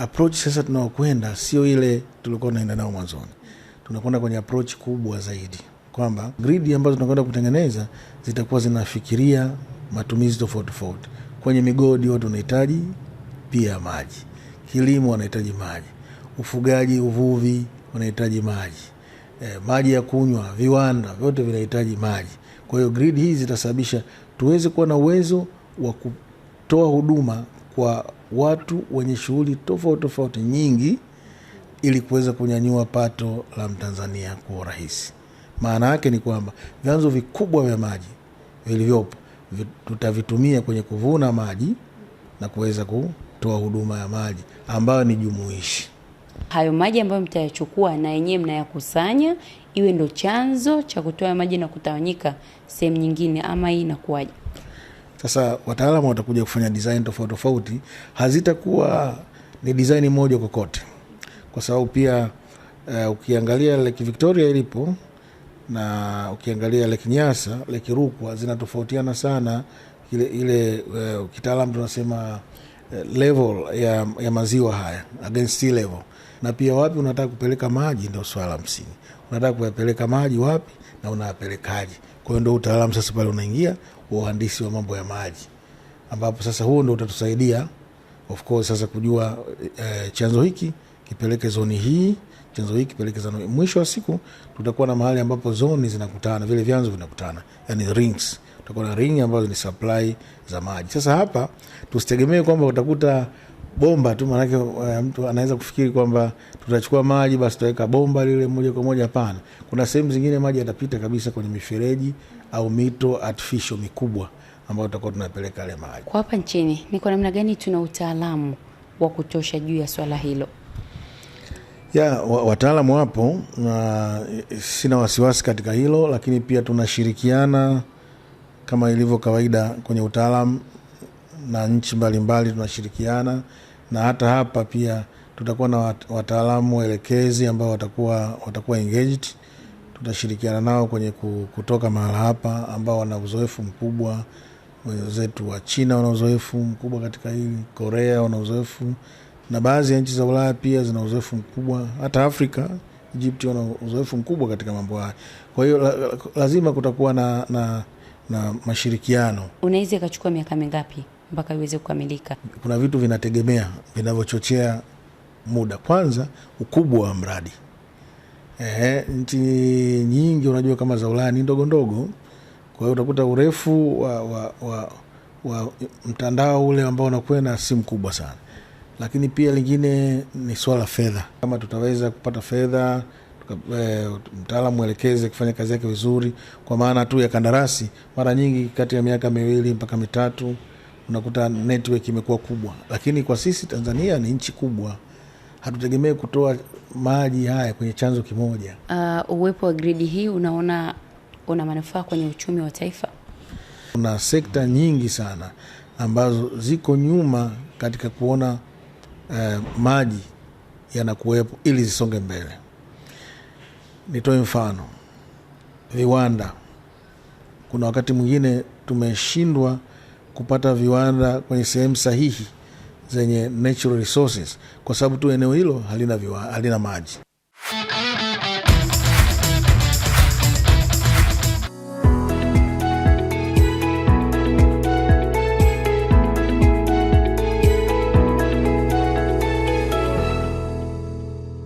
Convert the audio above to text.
approach sasa tunaokwenda sio ile tulikuwa tunaenda nao mwanzoni, tunakwenda kwenye approach kubwa zaidi kwamba gridi ambazo tunakwenda kutengeneza zitakuwa zinafikiria matumizi tofauti tofauti. Kwenye migodi watu wanahitaji pia maji, kilimo wanahitaji maji, ufugaji, uvuvi wanahitaji maji, e, maji ya kunywa, viwanda vyote vinahitaji maji. Kwa hiyo gridi hii zitasababisha tuweze kuwa na uwezo wa kutoa huduma kwa watu wenye shughuli tofauti tofauti nyingi ili kuweza kunyanyua pato la Mtanzania kwa urahisi. Maana yake ni kwamba vyanzo vikubwa vya maji vilivyopo tutavitumia kwenye kuvuna maji na kuweza kutoa huduma ya maji ambayo ni jumuishi. Hayo maji ambayo mtayachukua na yenyewe mnayakusanya iwe ndo chanzo cha kutoa maji na kutawanyika sehemu nyingine, ama hii inakuwaje? Sasa wataalamu watakuja kufanya design tofauti tofauti, hazitakuwa ni design moja kokote, kwa sababu pia uh, ukiangalia Lake Victoria ilipo na ukiangalia Lake Nyasa, Lake Rukwa zinatofautiana sana ile, ile uh, kitaalam tunasema uh, level ya, ya maziwa haya against level, na pia wapi unataka kupeleka maji, ndio swala msingi. Unataka kuyapeleka maji wapi na unayapelekaji kwa hiyo ndo utaalamu sasa pale unaingia wa uhandisi wa mambo ya maji, ambapo sasa huo ndo utatusaidia of course sasa kujua eh, chanzo hiki kipeleke zoni hii chanzo hiki peleke zano. Mwisho wa siku tutakuwa na mahali ambapo zoni zinakutana, vile vyanzo vinakutana, yani rings. Tutakuwa na ring ambazo ni supply za maji. Sasa hapa tusitegemee kwamba utakuta bomba tu, maanake eh, mtu anaweza kufikiri kwamba tutachukua maji basi tutaweka bomba lile moja kwa moja. Hapana, kuna sehemu zingine maji yatapita kabisa kwenye mifereji au mito artificial mikubwa ambayo tutakuwa tunapeleka yale maji. Kwa hapa nchini ni kwa namna gani tuna utaalamu wa kutosha juu ya swala hilo? ya wataalamu wapo na sina wasiwasi katika hilo, lakini pia tunashirikiana kama ilivyo kawaida kwenye utaalamu na nchi mbalimbali tunashirikiana, na hata hapa pia tutakuwa na wataalamu waelekezi ambao watakuwa, watakuwa engaged. Tutashirikiana nao kwenye kutoka mahala hapa, ambao wana uzoefu mkubwa. Wenzetu wa China wana uzoefu mkubwa katika hili, Korea wana uzoefu na baadhi ya nchi za Ulaya pia zina uzoefu mkubwa, hata Afrika Egypt wana uzoefu mkubwa katika mambo haya. Kwa hiyo la, la, lazima kutakuwa na, na, na mashirikiano. Unaweza ikachukua miaka mingapi mpaka iweze kukamilika? Kuna vitu vinategemea vinavyochochea muda. Kwanza ukubwa wa mradi. Ehe, nchi nyingi unajua kama za Ulaya ni ndogo ndogo, kwa hiyo utakuta urefu wa, wa, wa, wa mtandao ule ambao unakwenda si mkubwa sana lakini pia lingine ni swala fedha, kama tutaweza kupata fedha E, mtaalamu mwelekeze kufanya kazi yake vizuri, kwa maana tu ya kandarasi. Mara nyingi kati ya miaka miwili mpaka mitatu unakuta network imekuwa kubwa, lakini kwa sisi Tanzania ni nchi kubwa, hatutegemee kutoa maji haya kwenye chanzo kimoja. Uh, uwepo wa gridi hii unaona una manufaa kwenye uchumi wa taifa. Kuna sekta nyingi sana ambazo ziko nyuma katika kuona eh, maji yanakuwepo ili zisonge mbele. Nitoe mfano, viwanda. Kuna wakati mwingine tumeshindwa kupata viwanda kwenye sehemu sahihi zenye natural resources kwa sababu tu eneo hilo halina, halina maji.